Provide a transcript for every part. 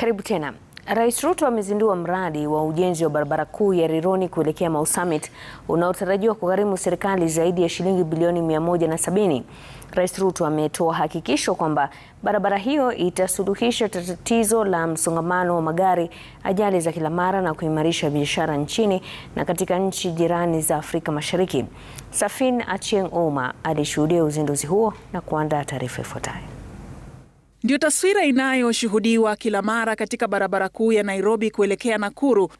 Karibu tena. Rais Ruto amezindua mradi wa ujenzi wa barabara kuu ya Rironi kuelekea Mau Summit unaotarajiwa kugharimu serikali zaidi ya shilingi bilioni 170. Rais Ruto ametoa hakikisho kwamba barabara hiyo itasuluhisha tatizo la msongamano wa magari, ajali za kila mara na kuimarisha biashara nchini na katika nchi jirani za Afrika Mashariki. Safin Achieng' uma alishuhudia uzinduzi huo na kuandaa taarifa ifuatayo ndio taswira inayoshuhudiwa kila mara katika barabara kuu ya Nairobi kuelekea Nakuru.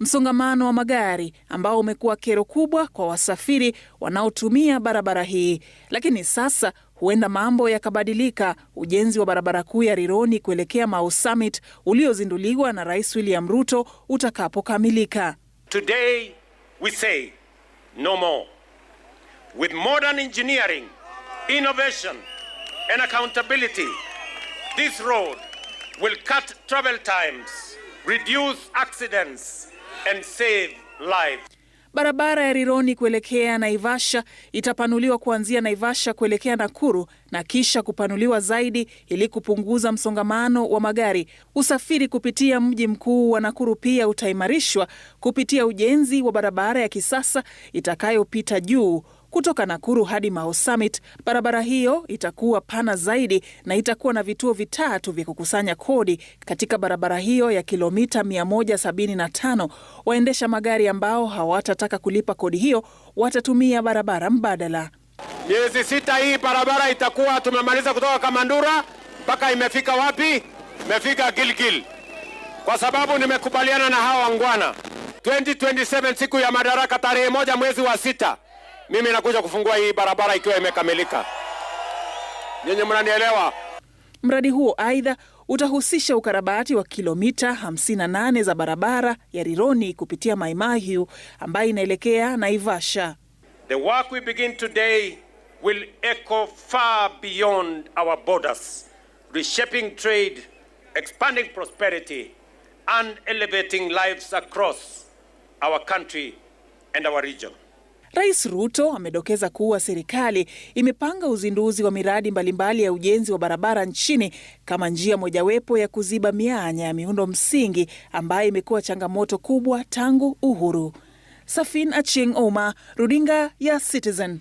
Msongamano wa magari ambao umekuwa kero kubwa kwa wasafiri wanaotumia barabara hii, lakini sasa huenda mambo yakabadilika. Ujenzi wa barabara kuu ya Rironi kuelekea Mau Summit uliozinduliwa na Rais William Ruto utakapokamilika. Today we say no more with modern engineering innovation and accountability, this road will cut travel times, reduce accidents and save lives. Barabara ya Rironi kuelekea Naivasha itapanuliwa kuanzia Naivasha kuelekea Nakuru na kisha kupanuliwa zaidi ili kupunguza msongamano wa magari. Usafiri kupitia mji mkuu wa Nakuru pia utaimarishwa kupitia ujenzi wa barabara ya kisasa itakayopita juu kutoka Nakuru hadi Mao Summit, barabara hiyo itakuwa pana zaidi na itakuwa na vituo vitatu vya kukusanya kodi katika barabara hiyo ya kilomita 175. Waendesha magari ambao hawatataka kulipa kodi hiyo watatumia barabara mbadala. Miezi sita hii barabara itakuwa tumemaliza kutoka Kamandura mpaka imefika wapi? Imefika Gilgil, kwa sababu nimekubaliana na hawa wangwana. 2027 siku ya madaraka, tarehe moja mwezi wa sita mimi nakuja kufungua hii barabara ikiwa imekamilika. Nyinyi mnanielewa? Mradi huo aidha utahusisha ukarabati wa kilomita 58 za barabara ya Rironi kupitia Mai Mahiu ambayo inaelekea Naivasha. The work we begin today will echo far beyond our borders, reshaping trade, expanding prosperity and elevating lives across our country and our region. Rais Ruto amedokeza kuwa serikali imepanga uzinduzi wa miradi mbalimbali ya ujenzi wa barabara nchini kama njia mojawapo ya kuziba mianya ya miundo msingi ambayo imekuwa changamoto kubwa tangu uhuru. Safin Aching Oma, Runinga ya Citizen.